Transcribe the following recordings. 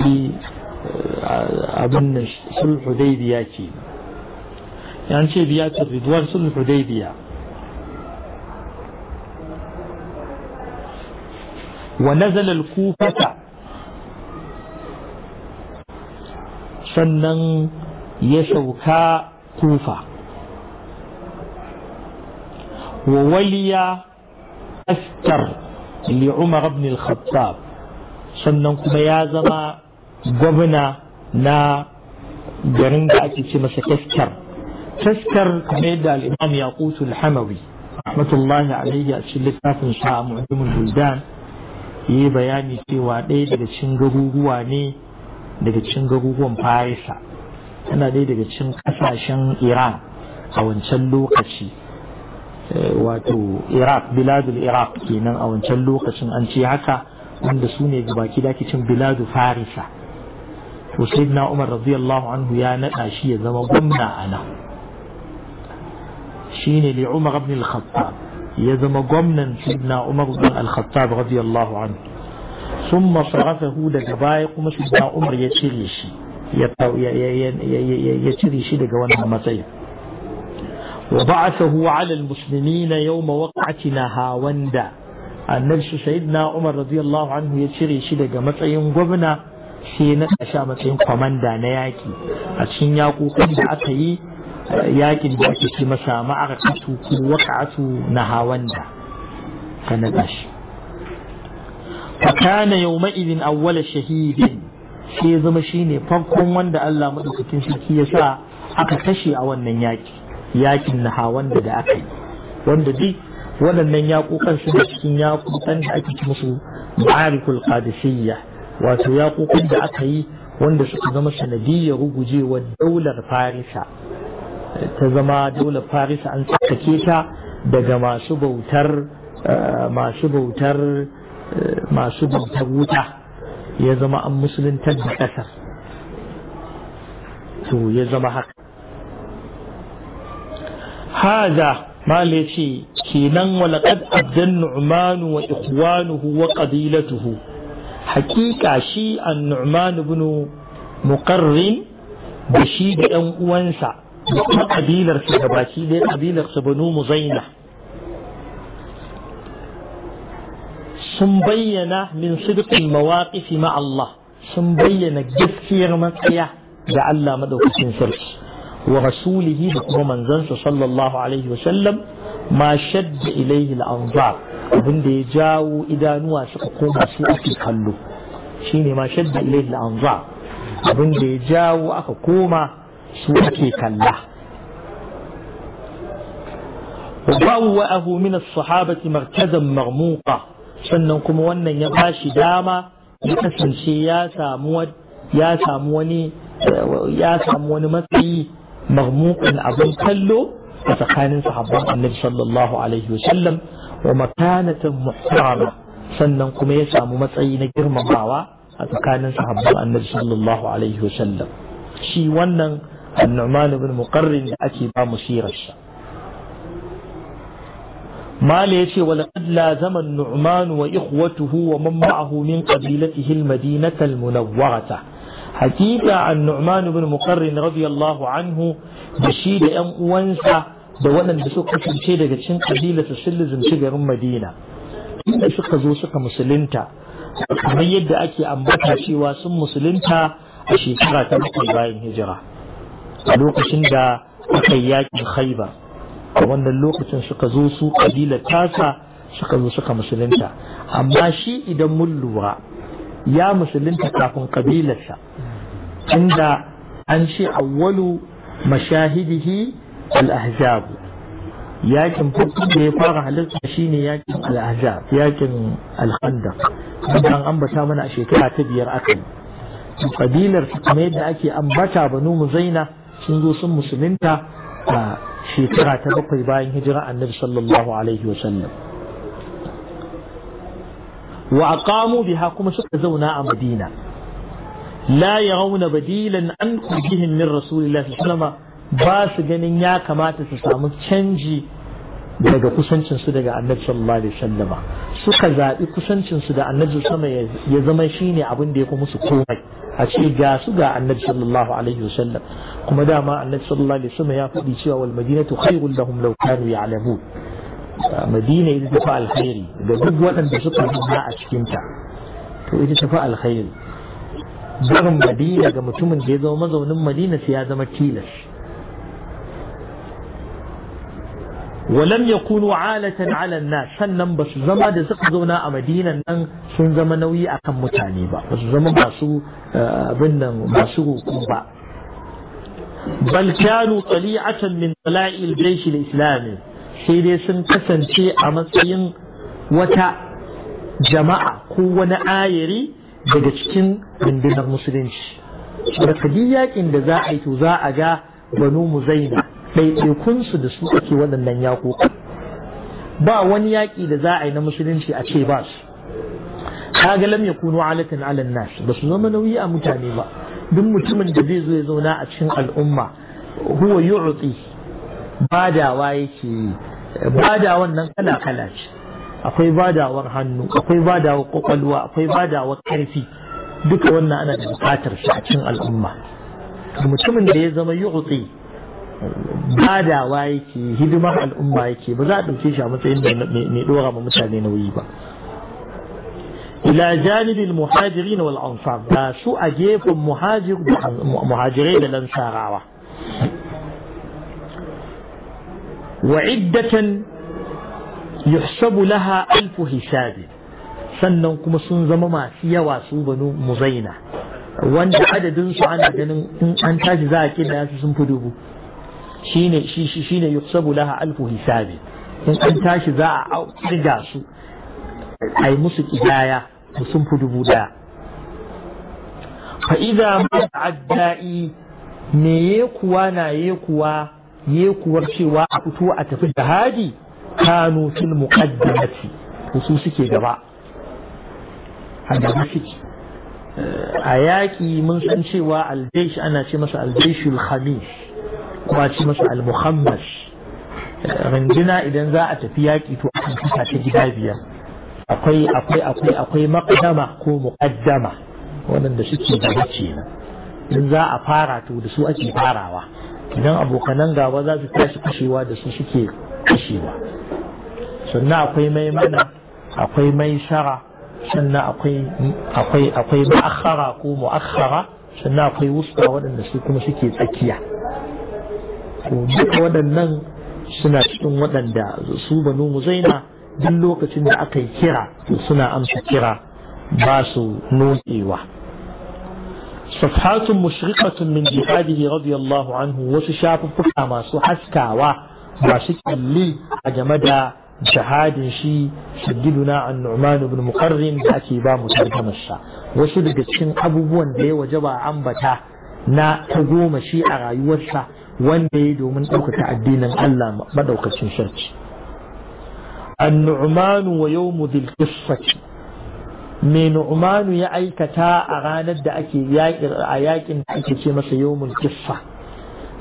آه، أظن صلح حديبية يعني شيء بيات الرضوان صلح حديبية ونزل الكوفة سنن يشوكا كوفة وولي أستر لعمر بن الخطاب سنن كما يا gwamna na garin da ake ce masa kaskar kaskar kamar yadda al'imam yaqutu al-hamawi rahmatullahi alaihi a cikin littafin sa mu'jamul buldan yi bayani cewa ɗaya daga cikin garuruwa ne daga cikin garuruwan farisa tana ɗaya daga cikin ƙasashen iran a wancan lokaci eh, wato iraq biladul iraq kenan a wancan lokacin an ce haka wanda su ne gabaki da cin biladu farisa to sayyidina Umar radiyallahu anhu ya nada shi ya zama gwamna a nan shine li Umar ibn al-Khattab ya zama gwamnan sayyidina Umar ibn al-Khattab radiyallahu anhu ثم صرفه daga baya kuma sayyidina Umar ya cire shi ya cire shi daga wannan matsayin وبعثه على المسلمين يوم وقعتنا هاوندا النبي سيدنا عمر رضي الله عنه يشري شدق متعين قبنا sai na a matsayin kwamanda na yaƙi a cikin yaƙoƙin da aka yi yaƙin da ake ce masa ma'arakatu ko asu na hawanda ka na ƙashi fakana yau ma'izin awwala shahidin sai zama shi ne farkon wanda Allah maɗaukakin shirki ya sa aka kashe a wannan yaƙi yaƙin na hawanda da aka yi wanda duk waɗannan yaƙoƙan suna cikin yaƙoƙan da ake ci musu ma'arikul qadisiyya wato ya yaƙoƙin da aka yi wanda suka zama sanadiyyar rugujewar daular farisa ta zama daular farisa an tsakake ta daga masu bautar eh, masu bautar eh, masu bautar wuta ya zama an musuluntar da ƙasar to ya zama haka haza mala ce kenan walaƙad abdan nu'manu wa ikhwanuhu wa ƙabilatuhu حقيقة شي النعمان بن مقرن بشيء دم وانسا قبيلة سيدة باشي دي قبيلة سبنو مزينة سنبينا من صدق المواقف مع الله سنبينا جسيا من ايا جعلنا مدوك سنسرس ورسوله بكم من صلى الله عليه وسلم ما شد إليه الأنظار abin da ya jawo idanuwa suka koma su ake kallo shine ma shadda ilayhi al-anza abin da ya jawo aka koma su ake kalla وبوأه mina sahabati markazan marmuka sannan kuma wannan ya bashi dama ya kasance ya samu wani ya samu wani matsayi marmukan abin kallo a tsakanin sahabban annabi sallallahu alaihi wa sallam wa makanatan muhtarama sannan kuma ya samu matsayi na girmamawa a tsakanin sahabban annabi sallallahu alaihi wasallam shi wannan annuman ibn muqarrin da ake ba mu sirarsa mala yace wa laqad zaman an-nu'man wa ikhwatuhu wa man ma'ahu min qabilatihi al-madinata al-munawwarata hakika an bin ibn muqarrin radiyallahu anhu da shi da yan uwansa da waɗanda suka kasance daga cikin ƙabila su garin madina inda suka zo suka musulunta kamar yadda ake ambata cewa sun musulunta a shekara ta bakwai bayan hijira a lokacin da aka yi yakin khaibar a wannan lokacin suka zo su ƙabilar tasa suka zo suka musulunta amma shi idan mun lura ya musulunta kafin ƙabilarsa inda an ce awwalu mashahidihi al yakin farko da ya fara halarta shine yakin al-ahzab yakin al-khandaq an ambata mana a shekara ta biyar aka yi kabilar kamar yadda ake ambata banu muzaina sun zo sun musulunta a shekara ta bakwai bayan hijira annabi sallallahu alaihi wasallam wa aqamu biha kuma suka zauna a madina la yarawna badilan an qudihim min rasulillahi sallallahu alaihi wasallam ba su ganin ya kamata su samu canji daga kusancinsu daga annabi sallallahu alaihi wasallam suka zaɓi kusancinsu da annabi sama ya zama shine abin da ya kuma musu komai a ce ga su ga annabi sallallahu alaihi wasallam kuma dama annabi sallallahu alaihi wasallam ya faɗi cewa wal madinatu khairul lahum law kanu ya'lamun madina ita tafi alkhairi da duk waɗanda suka zama a cikinta, ta to ita tafi alkhairi barin madina ga mutumin da ya zama mazaunin madina sai ya zama tilas ولم يكونوا عالة على الناس sannan ba su zama da suka zauna a madinan nan sun zama nauyi akan mutane ba ba su zama masu eh, abin nan masu roƙo ba bal kanu tali'atan min tala'il jaysh al-islami sai dai sun kasance a matsayin wata jama'a ko wani ayari daga cikin rundunar musulunci da kadi yakin da za a yi to za a ga banu muzaina ɗaiɗaikunsu da su ake waɗannan yaƙoƙi ba wani yaƙi da za a yi na musulunci a ce ba su kaga lam yakunu alatan ala nas ba su zama nauyi a mutane ba duk mutumin da zai zo ya zauna a cikin al'umma huwa yu'ti badawa yake badawan nan kala kala ce akwai badawar hannu akwai badawar kwakwalwa akwai badawar karfi duka wannan ana da bukatar shi a cikin al'umma mutumin da ya zama yu'ti badawa yake hidimar al'umma yake ba za a ɗauke shi a matsayin mai ɗora ma mutane nauyi ba ila janibin na wal ansar ba su a gefen muhajirai da lansarawa wa iddatan yuhsabu laha alfu hisabi sannan kuma sun zama masu yawa su banu muzaina wanda adadinsu ana ganin in an tashi za a kida sun fi dubu shine shi shi shine yuksabu laha alfu hisabi in an tashi za a kirga su ai musu kidaya sun fi dubu daya fa idza ma addai me ye kuwa na ye kuwa ye kuwa cewa a fito a tafi da jihadi kanu fil muqaddamati su suke gaba hada suke a yaƙi mun san cewa aljaish ana ce masa al khamis kwaci masa al rinjina idan za a tafi yaƙi to a kasa ta gida biyar akwai akwai akwai akwai ko muqaddama waɗanda suke da bace in za a fara to da su ake farawa idan abokanan gaba za su tashi kashewa da su suke kashewa sannan akwai maimana akwai maisara sannan akwai akwai akwai ma'akhara ko mu'akhara sannan akwai wusta waɗanda su kuma suke tsakiya to duka waɗannan suna cikin waɗanda su banu muzaina duk lokacin da aka yi kira suna amsa kira ba su nutsewa صفحات مشرقة من جهاده رضي الله عنه وششاف فقامة سحسكا وشكا لي أجمد جهاد شي سجلنا عن نعمان بن مقرن بأكي با مترجم الشا وشد قسم أبو بوان دي وجبا عمبتا نا تقوم شي أغايوة wanda ya domin ɗaukaka addinin Allah maɗaukacin sarki النعمان ويوم ذي القصة me nu'manu ya aikata a ranar da ake a yakin da ake ce masa yawmul kissa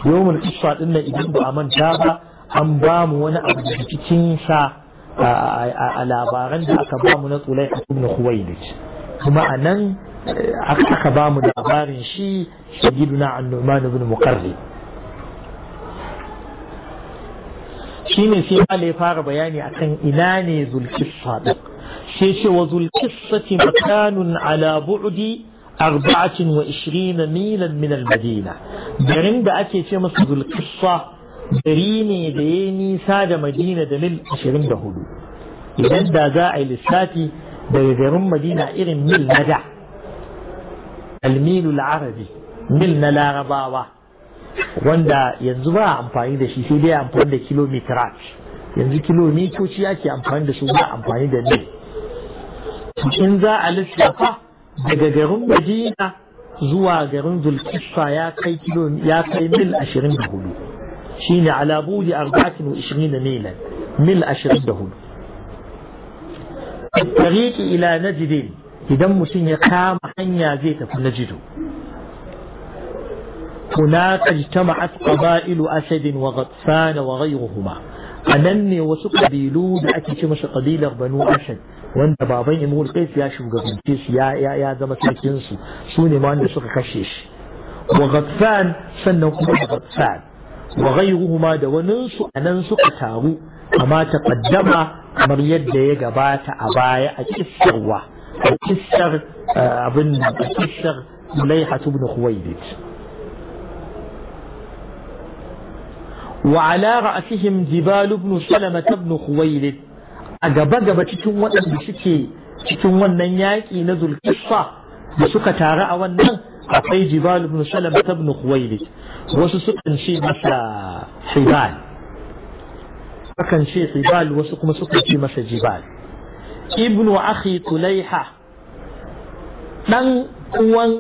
yawmul kissa ɗin nan idan ba a manta ba an ba mu wani abu da cikin sa a labaran da aka ba mu na tsulai a kuma kuwait kuma a nan eh, aka ba mu labarin shi shagiduna an nu'manu bin mukarri ne sai Allah ya fara bayani akan ina ne zulkiffa din sai ce wa zulkiffati makanun ala wa 24 milan min madina garin da ake ce masa zulkiffa gari ne da ya nisa da madina da mil idan da za a yi lissafi daga garin madina irin mil na da al-mil mil na larabawa wanda yanzu ba amfani da shi sai dai amfani da kilometrat yanzu kilomitoci ake amfani da su ba amfani da mil in za a lissafa daga garin madina zuwa garin zulkiffa ya kai ya kai mil ashirin da hudu shine ala budi arba'atin wa ishirin da milan mil ashirin da hudu tariki ila najdin idan mutum ya kama hanya zai tafi najidu هناك اجتمعت قبائل أسد وغطفان وغيرهما anan ne wasu ƙabilu da ake ce masa ƙabilar banu ashad wanda baban imul qais ya shugabance su ya zama sarkin su su ne ma wanda suka kashe shi wa ghatfan sannan kuma da ghatfan wa ghayruhuma da wanin anan suka taru amma ta qaddama kamar yadda ya gabata a baya a kissarwa a kissar abin da kissar Mulaiha ibn وعلى رأسهم جبال بن سلمة بن خويلد أجب جب تكون وأن بشكي تكون وأن ياكي نزل قصة بسكة تارا وأن أقي جبال بن سلمة بن خويلد وسسك شيء مثل حبال فكان شيء حبال وسك مسك شيء مثل جبال ابن أخي طليحة نن uwan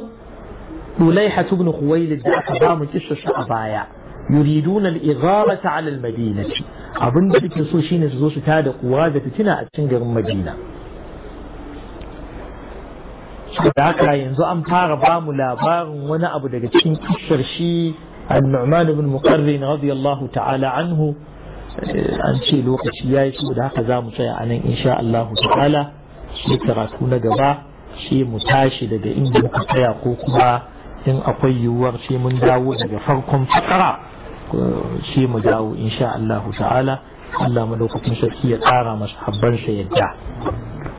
طليحة بن خويلد da aka ba mu yuriduna al-igharata 'ala al-madinati abin da suke so shine su zo su tada kuwa da fitina a cikin garin Madina da haka yanzu an fara bamu labarin wani abu daga cikin kissar shi النعمان بن مقرن رضي الله تعالى عنه an ce lokaci ya yi so da haka za mu tsaya a nan insha ta'ala shi karatu na gaba shi mu tashi daga inda muka tsaya ko kuma in akwai yiwuwar sai mun dawo daga farkon fakara sai mu dawo insha Allah ta'ala Allah madaukakin sarki ya tsara masa habban sa yadda